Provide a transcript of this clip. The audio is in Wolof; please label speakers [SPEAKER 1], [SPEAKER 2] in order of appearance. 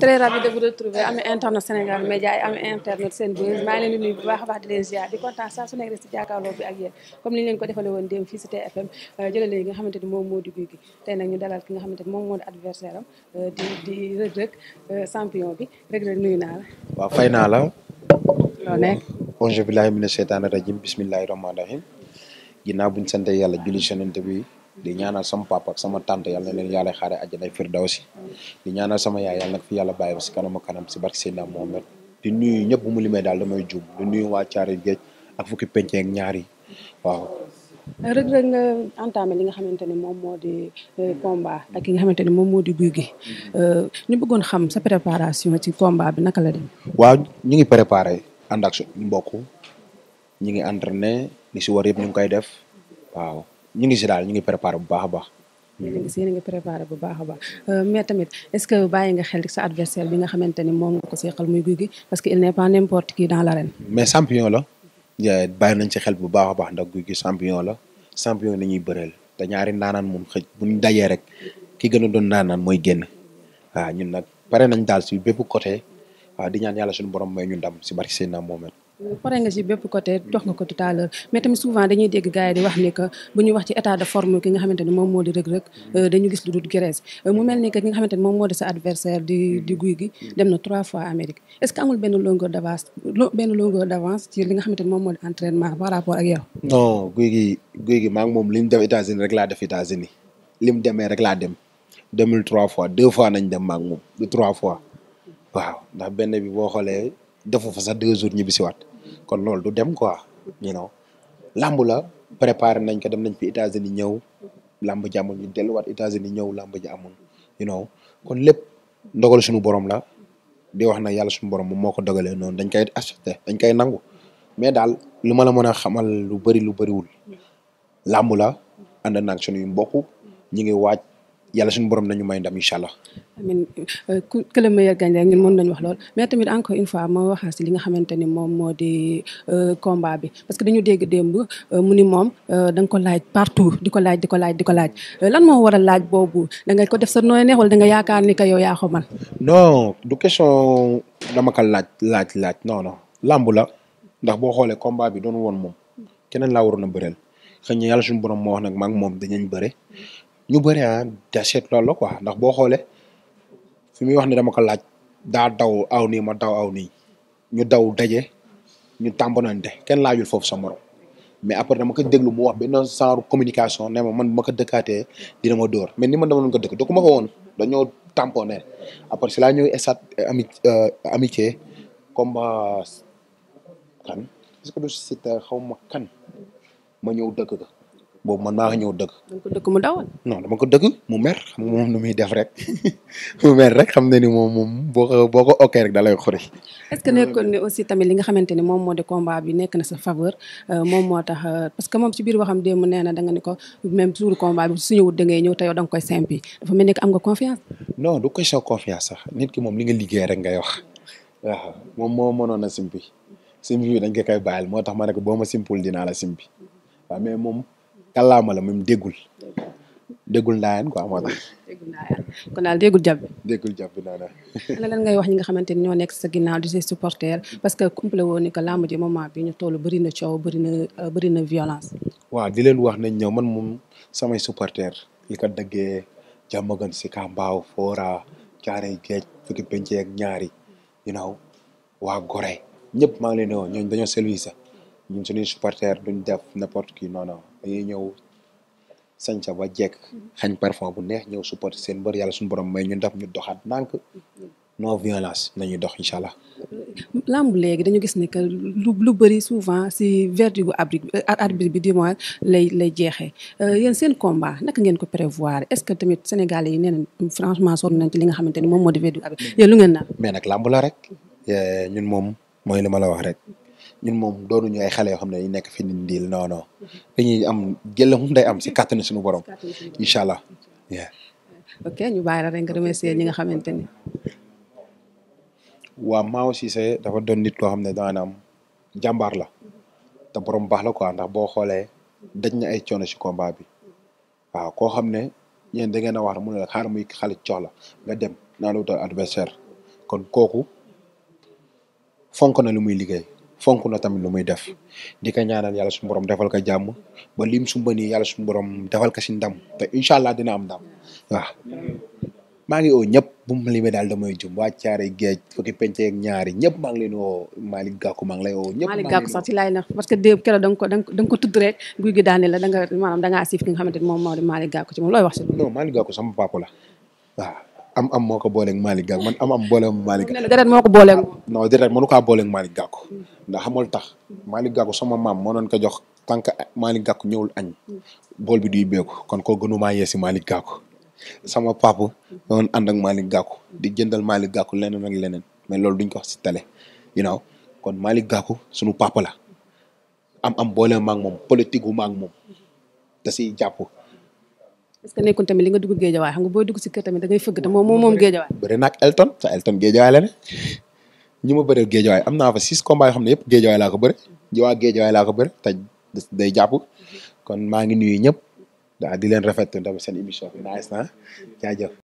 [SPEAKER 1] très ravi de vous retrouver am internet Sénégal média yi am internet Senbuzz maa ngi leen di nuyu bu baax a baax leen ziar di kontaan saa su nekk rek si jàkkaarloo bi ak comme ni ñu leen ko defalee woon démb fii si TFM euh, jëlee leen nga xamante ni moom moo ki nga xamante moom moo adversaire am euh, di di Reug Reug euh, champion bi Reug Reug nuyu naa la.
[SPEAKER 2] waaw fay naa la. loo nekk. auzu billaahi mina sheytaani rajiim bismillaahi rahmaani rahiim ginnaaw bu ñu sant yàlla julli Yonent bi. di ñaanal sama papa ak sama tante yalla leen yalla xare aljana firdausi di ñaanal sama yaay yalla nak fi yalla baye ci kanam kanam ci barke sayyidina muhammad di nuyu ñepp bu mu limay dal damay joom di nuyu wa ciari geej ak fukki penc ak ñaari waaw
[SPEAKER 1] rek rek nga entamé li nga xamanteni mom modi euh, combat ak nga xamanteni mom modi guuy gi euh ñu bëggoon xam sa préparation ci combat bi naka la dem
[SPEAKER 2] waaw ñi ngi préparer and ak mbokk ñi ngi entraîner ni ci war yëpp ñu koy def waaw ñu ngi si daal ñu ngi préparé bu baax a baax ñu ngi
[SPEAKER 1] ñu ngi préparé bu baax a baax euh, mais tamit est ce que bàyyi nga xel sa adversaire bi nga xamante ni moom nga ko seqal muy guy gi parce que il n'est pas n'importe qui dans l'arène
[SPEAKER 2] mais champion la bàyyi nañ ci xel bu baax a baax ndax guy gi champion la champion la ñuy bëreel te ñaari ndaanaan moom xëj bu ñu dajee rek ki gën a doon ndaanaan mooy génn waaw ñun nag pare nañ daal si bépp côté waaw di ñaan yàlla suñu borom may ñu ndam si barki seen naa moomet
[SPEAKER 1] pare nga ci bépp côté dox nga ko tout à l'heure mais tamit souvent dañuy dégg gars yi di wax ni que bu ñuy wax ci état de forme ki nga xamante ne moom moo di Reug Reug euh, dañu gis lu dul Grèce euh, mu mel ni que ki nga xamante ne moom moo di sa adversaire di di Gouye Gui dem na trois fois Amérique est-ce que amul benn longueur d'avance benn longueur d'avance ci li nga xamante ne moom moo di entraînement par rapport ak yow
[SPEAKER 2] non Gouye Gui Gouye Gui maa ngi moom li ñu def États-Unis rek laa def États-Unis li mu demee rek laa dem demul trois fois deux fois nañ dem maa ngi moom trois fois waaw ndax benn bi boo xoolee defu fa sax deux jours ñibbi si waat kon loolu du dem quoi you know làmb la préparé nañ ko dem nañ fi États-Unis ñëw làmb ji amul ñu delluwaat États-Unis ñëw làmb ji amul you kon lépp ndogal suñu borom la di wax na yàlla suñu borom moom moo ko dogalee noonu dañ koy accepté dañ koy nangu mais daal lu ma la mën a xamal lu bari lu bëriwul làmb la ànd naag suñuy mbokk ñi waaj yàlla suñu borom nañu may ndam incha allah.
[SPEAKER 1] amiin que le meilleur gagne rek ñun mën nañu wax lool mais tamit encore une fois ma waxaa si li nga xamante ni moom moo di euh, combat bi parce que dañu dégg démb euh, mu ni moom euh, da nga ko laaj partout di ko laaj di ko laaj di ko laaj lan moo war a laaj boobu da ko def sa nooy neex wala da nga yaakaar ni que yow yaa ko man
[SPEAKER 2] non du question dama ko laaj laaj laaj non non làmb la ndax boo xoolee combat bi doon woon moom keneen la waroon a bëreel xëy na yàlla suñu borom moo wax nag maa moom dañu bëre ñu bëri ah Jachette loolu la quoi ndax boo xoolee fi muy wax ne ma ko laaj daa daw aw nii ma daw aw nii ñu daw daje ñu de kenn laajul foofu sa morom mais après ma ko déglu mu wax benn genre communication ne ma man ma ko dëkkaatee dina ma dóor mais ni ma dama doon ko dëkk dëkku ma ko woon dañoo tamponné après si laa ñëw estat eh, ami eh, amitié comme euh, kan ce que du site xaw ma kan ma ñëw dëkk ko boobu man maa ñëw dëgg. da ko dëgg mu dawal. non dama ko dëgg mu mer xam nga moom nu muy def rek mu mer rek xam ne ni moom moom boo ko boo ko okkee rek da lay xuri.
[SPEAKER 1] est ce que nekkoon ne aussi tamit li nga xamante ni moom moo di combat bi nekk na sa faveur euh, moom moo tax euh, parce que moom ci biir waxam démb nee na da nga ni ko même jour combat bi su ñëwut da ngay ñëw te yow da nga koy simple dafa mel ni am nga confiance.
[SPEAKER 2] non du question confiance sax nit ki moom li nga liggéey rek ngay wax waaw moom moo mënoon a simple simpi bi dañ ko koy bàyyil moo tax ma ne ko boo ma simpul dinaa la simple waaw mais moom. kàllaama la même déggul déggul ndaayaan quoi moo tax. déggul ndaayaan kon déggul jàpp bi. déggul jàpp bi naa la.
[SPEAKER 1] lan ngay wax ñi nga xamante ni ñoo nekk sa ginnaaw di say supporter parce que kumple woon ni que làmb ji moment bi ñu toll bëri na coow bëri na euh, bëri na violence.
[SPEAKER 2] waaw di wax nañ ñëw man moom samay supporter li ko dëggee jàmmagan si Kambaaw Fora Caaray Géej fukki penc ak ñaari you know waa Gorée ñëpp maa ngi leen di ñooñ ñooñu dañoo service ñun suñuy supporter duñ def n'importe qui non non dañuy ñëw sañca ba jekk mm-hmm. xañ parfum bu neex ñëw supporter seen mbër yàlla suñu borom may ñun daf ñu doxaat ndànk mm-hmm. non violence nañuy dox incha allah.
[SPEAKER 1] làmb léegi dañu gis ne que lu lu bëri souvent si verdigu arbitre arbitre bi du moins lay lay jeexee euh, yéen seen combat naka ngeen ko prévoir est ce que tamit sénégalais yi nee nañ franchement sonn nañ ci li nga xamante ni moom moo di verdigu arbitre mm-hmm. yéen lu ngeen naan.
[SPEAKER 2] mais nag làmb la rek euh, ñun moom mooy li ma la wax rek. ñun moom doonuñu ay xale yoo xam ne dañuy nekk fi nit non non dañuy am jëlam day am si kàttanu suñu borom incha allah yeah.
[SPEAKER 1] ok ñu bàyyi la rek nga remercier ñi nga xamante ni
[SPEAKER 2] waa maaw Cissé dafa doon nit koo xam ne maanaam jàmbaar la te borom baax la quoi ndax boo xoolee daj na ay coono si combat bi waaw koo xam ne yéen da ngeen a wax mu ne la xaar muy xale jox la nga dem naa la adversaire kon kooku fonk na lu muy liggéey fonku na tamit lu muy def mhm. di ko ñaanal yalla suñu borom defal ko jamm ba lim sumba nii yalla suñu borom defal ko si ndam te inshallah allah dina am ndam wa ma ngi o ñep bu mu limé dal damay jum waa caare géej fukki pencé ak ñaari ñep ma ngi leno malik Malick ma ngi lay o ñep malik Gakou sax
[SPEAKER 1] ci lay na parce que deb kéro dang ko dang ko tudd rek guy gu daane la da nga manam da nga asif ki nga xamanteni mom moom moo
[SPEAKER 2] ci mom loy wax ci non malik sama papa la wa am am moo ko booleeg Malick Gakou man am am booleeg Malick Gakou deret moo ko booleeg ah, non deret mënu kaa booleeg Malick ndax xamul tax Malick Gakou sama maam moo doon ko jox tànk Malick Gakou ñëwul añ bool bi duy beeku kon koo gënumaa yee si Malick Gakou sama papa doon ànd ak Malick Gakou di jëndal Malick gaaku leneen ak leneen mais loolu duñ ko wax si kon Malick Gakou sunu papa la am am booleeg maag moom politique wu maag moom da siy jàpp
[SPEAKER 1] parce que nekkul tamit li nga dugg géejawaay xam nga booy dugg si kër
[SPEAKER 2] am naa fa six combats yoo xam ne yëpp géejawaay laa ko bëri ji waa géejawaay laa ko bëri te day jàpp kon maa ngi nuyu ñëpp daa di leen rafetlu tamit seen émission bi nice na